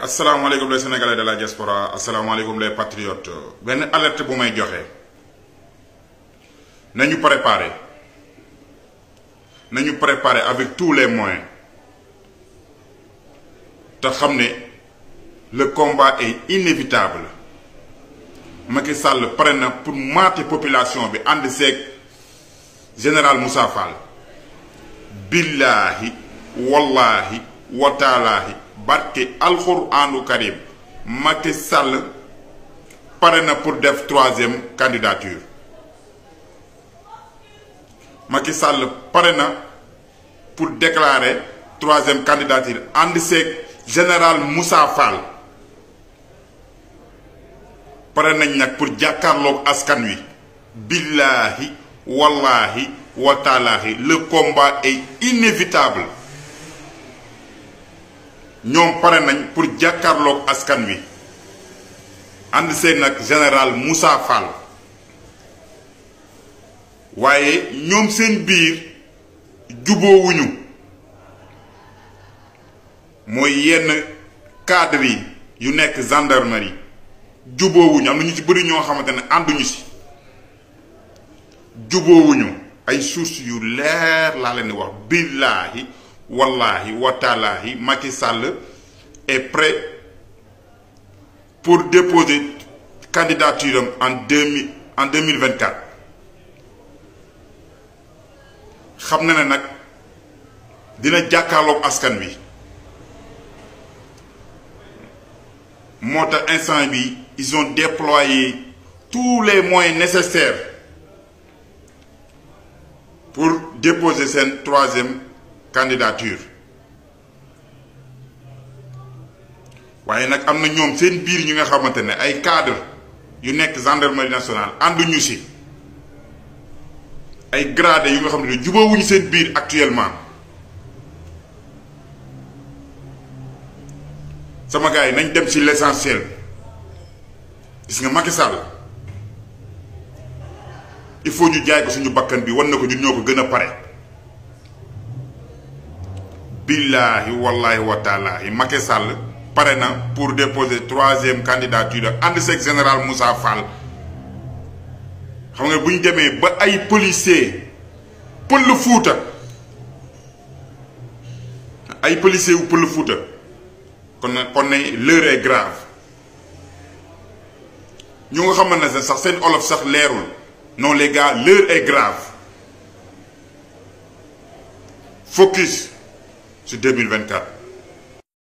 Assalamu alaikum les sénégalais de la diaspora Assalamu alaikum les patriotes vous alerte bu nous sommes nañu préparer nañu préparer avec tous les moyens te le combat est inévitable Macky Sall le prenne pour la population bi ànd seeg général Moussa Fall Wallahi wallaahi barke alxuraanu karim Macky Sall pour def troisième candidature Macky Sall pour déclarer troisième candidature André général Moussa Fall pare nak pour jàkkaarloog askan wi Wallahi, wallahi le combat est inévitable ñoom pare nañ pour jàkkaarloog askan wi ànd seen nag général Moussa Fall waaye ñoom seen biir juboowuñu mooy yenn cadre yi yu nekk gendarmerie juboowuñu am na ñu ci bari ñoo xamante ne ànduñu si juboowuñu ay suus yu leer laa leen di wax billaahi wallahi watalahi Macky est prêt pour déposer candidature en 2000 en 2024 xamna ne nak dina askan ils ont déployé tous les moyens nécessaires pour déposer cette troisième candidature waaye nag am na ñoom seen biir ñi nga xamante ne ay cadre yu nekk gendarmerie nationale ànduñu si ay gradé yu nga xam ne jubawuñu seen biir actuellement sama gars yi nañ dem si l'essentiel gis nga Macky Sall il faut ñu jaay ko suñu bakkan bi wan na ko ñun ñoo ko gën a pare Billahi Wallahi wa et Macky Sall pour déposer troisième candidature de général Moussa Fall xam nga buñu démé ba ay policiers pour le ay policiers policiers peul pour kon l'heure est grave ñu nga xamante ne sax olof sax non les gars l'heure est grave focus c'est 2024